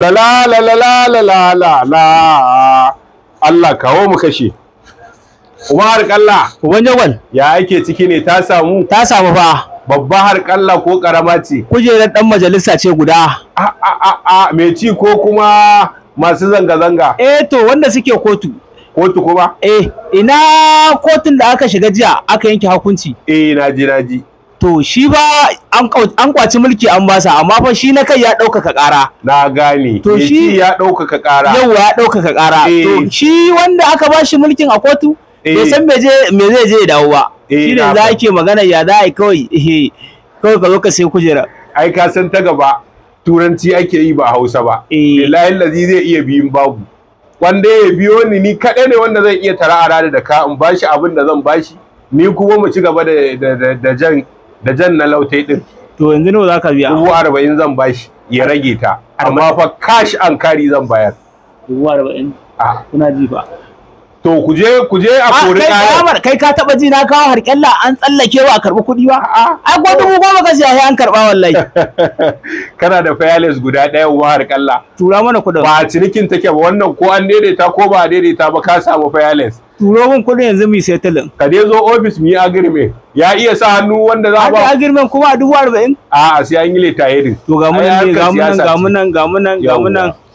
la la la la la la la la Allah kawo mu kashe Umar kalla uban jagwal ya ake ciki ne ta samu ta samu fa babba har kalla ko karama ce kujerar dan majalisa ce guda a a a a me ci ko kuma masu zanga zanga eh to wanda suke kotu kotu kuma eh ina kotun da aka shiga jiya aka yanke hukunci eh naji naji to shi ba an kwaci mulki an basa amma fa shi na kai ya ɗaukaka ƙara na gane to eh, shi ya ɗaukaka ƙara yau ya ɗaukaka ƙara to eh. shi wanda aka ba shi mulkin a kotu bai eh. san me zai je dawo ba shi ne za ke magana ya za a kawai kawai ka zo ka sai kujera ai ka san ta gaba turanci ake yi ba hausa ba lillahi lazi zai iya biyun babu wanda ya biyo ni ni kaɗai ne wanda zan iya tara a da ka in bashi abin da zan bashi ni kuma mu ci gaba da jan da jan na lautai din to yanzu nawa zaka biya dubu arba'in zan bashi ya rage ta amma fa cash an kari zan bayar dubu arba'in a ah. kuna ji fa to kuje kuje a ah, kore kaya. kai ka taba ji na kawo harƙalla an tsallake wa a karɓi kuɗi ba Ai ko dubu goma ka sai an karɓa wallahi kana da fayales guda ɗaya wa harƙalla tura mana kuɗin ba cinikin take ba wannan ko an daidaita ko ba daidaita ba ka samu fayales turo min kuɗin yanzu mu yi talin ka je zo office mu yi agirme ya iya sa hannu wanda za ba agirmen kuma a dubu arba'in a'a sai an yi leta yadin to ga mu nan ga mu nan ga mu nan ga mu nan